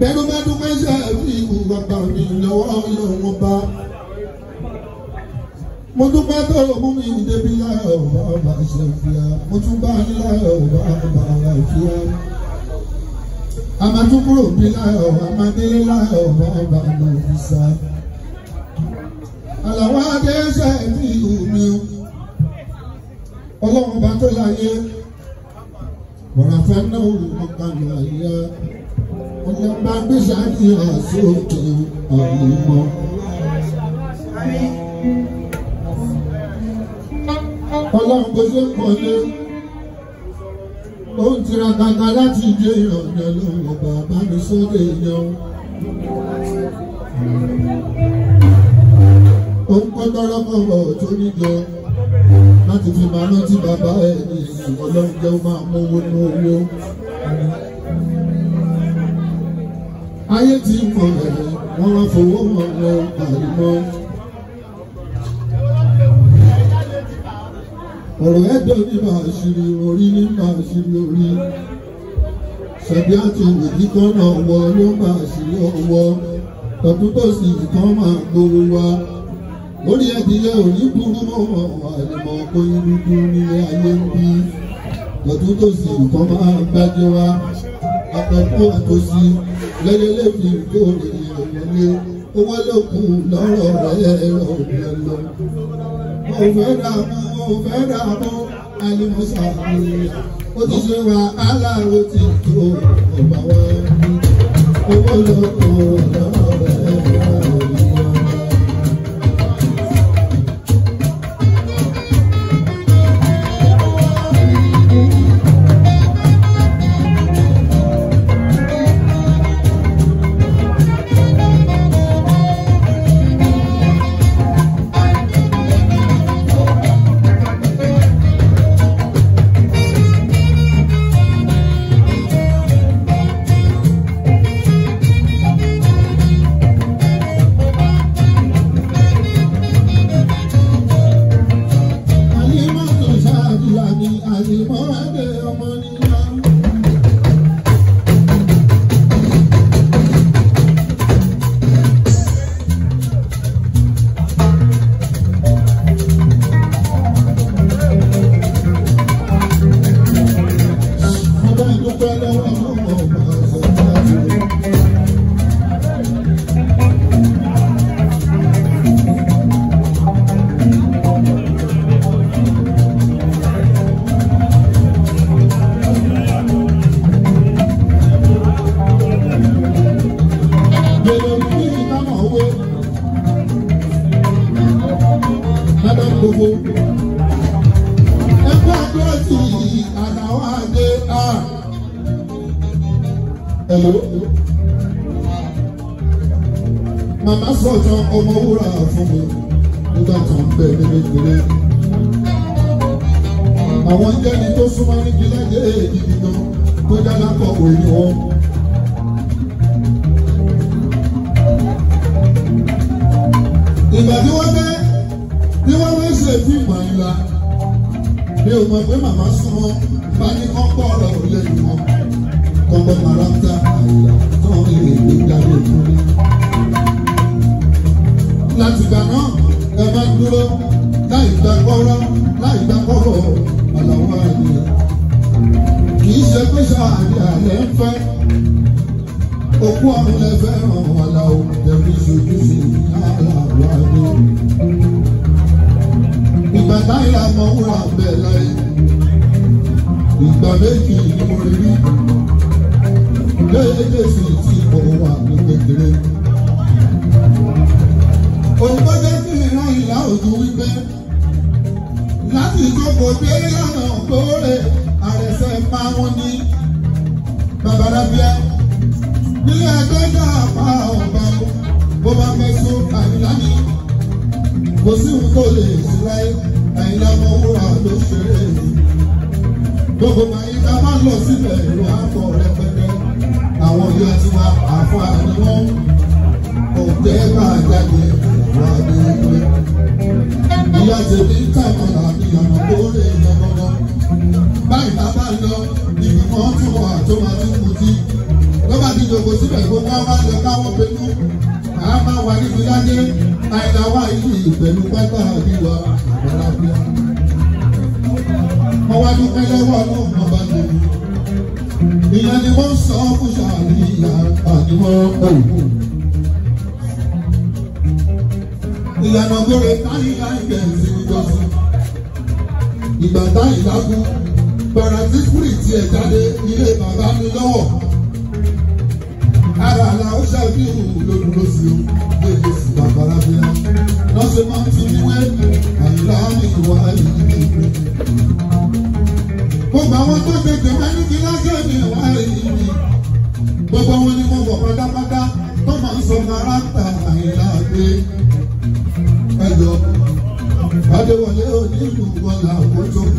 bẹ́ẹ̀ni bá dúpẹ́ ṣe àfihù bàbá mi lọ́wọ́ ọlọ́run ọba. mo dúpẹ́ tó mú mi débi láyọ̀ bàbá ṣèfìyà mo tún bá ní láyọ̀ bàbá àlàáfíà. àmàtúkúrò bí láyọ̀ àmàdélé láyọ̀ bàbá àlàáfíà. àlàwọ̀ adé ṣe àfihù mi ọlọ́run ọba tó láyé wọ̀ràfẹ́ náà ò gbàgbọ́ àyè ọlọ́ba gbèsè àníyàn sókè ọmọ. ọlọ́run kò ṣe pọ̀ ní ó ń tiraka láti jẹ́ ìrọ̀lẹ́ lọ́wọ́ bàbá mi sọ́dọ̀ èèyàn. ó ń kọ́ tọ́lọ́kọ̀wọ̀ tó níjọ láti fi máa rántí bàbá ẹ̀ ní ọlọ́run jẹ́ ó máa mú owó ní owó. ayé ti mọ̀ ẹ̀ wọ́n wá fowó mọ̀ ẹ̀ àlùmọ́. ọ̀rọ̀ ẹ̀dọ́ ní máa ṣírí orí ní máa ṣírí orí ṣẹ̀bí àti òbí kan náà wọ ló máa ṣírí ọwọ́ tọ̀tún tó sì kan máa gbowó wa lórí ẹ̀dìyẹ òní burú mọ́ àlùmọ́ kó irú dúró ní ayé ń bí tọ̀tún tó sì kan máa gbájọ́ wa àkànkù àtòsí lẹ́yẹlé fi kó ènìyàn wọlé ó wá lókun lọ́rọ̀ rẹ̀ ẹ̀rọ lọ. mo fẹ́ mọ́ mo fẹ́ mọ́ alimusa ó ti ṣe wa aláàrò ti tó ọ̀bà wa owó lọ́kùn ọ̀la. gbogbo. ẹgbẹ́ àgbẹ̀sì àtàwọn àgbẹ̀ à. ẹ̀lò. màmá sọ̀tàn ọmọ wúrà fún mi nígbà tó ń bẹ níbi ìpínlẹ̀. àwọn jẹ́ni tó súnmọ́ ní gíláàjẹ́ èdè nìkan tó dáná kọ̀wé ni wọ́n. ọ̀rọ̀ yìí la mi ò mọ̀ pé màmá súnmọ́ bá ní kán pọ̀ ọ̀rọ̀ ò lè mọ̀ kọ́kọ́ màrántà àyà kán èrè ní ìdájọ́ ìfúnni. látìgbà náà ẹ máa dúró láì gba kọ́rọ́ láì gba kọ́rọ́ àlàó àyè kì ṣe pé ṣáàyè àlẹ́ ń fẹ́ òkú ọ̀run lẹ fẹ́ràn àlàó ẹ̀rí ṣojú sí àlàó mọ wúrà bẹ́ẹ̀ láyé ìgbà méjì ni mo rí rí lẹ́yìn èsì tí mo wà ní kékeré. òyìnbó jẹ́ kí ìran ìlà òjò wípé láti ìkókò dé lánà òkóòrè àrẹ̀sẹ̀ máa wọn ní babalábíà nílé ẹgbẹ́ náà pa ọba bó bá mẹ́sàn-án àyíláyé kò sí nǹkan lè ṣe láyé àyìnlá mọ́wúrà ló ṣeré gbogbo báyìí ká má lọ sílẹ̀ ìlú àpọ̀ rẹpẹtẹ àwọn ìyá tiwa àfọ àníwọ́n òǹtẹ́ máa jáde wà ní ilé ìyá tèmi kàmọ́ra ìyànà tó lè yọmọdọ báyìí ká má lọ ìgbìmọ̀ tí wọ́n àtó máa tún mú jí lọ́ba ti jòkó síbẹ̀ gbogbo àwọn àlọ́ káwọn pinnu àá máa wà níbi ládé àìláwá ìlú ìpẹ̀lú pátá àbí wa àlàáfíà mo wá dúpẹ́ lọ́wọ́ ọlọ́run ni wọ́n sọ kó ṣàlì ìyá àti wọ́n pọ̀ ìyànà gbére táyìlá ìgbẹ̀nsì ìjọsìn ìgbà táyìlá kú paratikuri tiẹ̀ jáde ilé bàbá mi lọ́wọ́ ara làwọn ṣàfihàn lòdùn lọ́sí o lè Farabia, not the mountain away, my love is wild. Gbogbo àwọn tó ṣe tèmi ẹni tí lásán ní ìwà èyí ni. Gbogbo wọn ni pata pata. pátápátá tó máa ń sọ kárátà àyìnlá gbé. Ẹ̀jọ̀ Adéwọlé onílù wọn làwọn tó.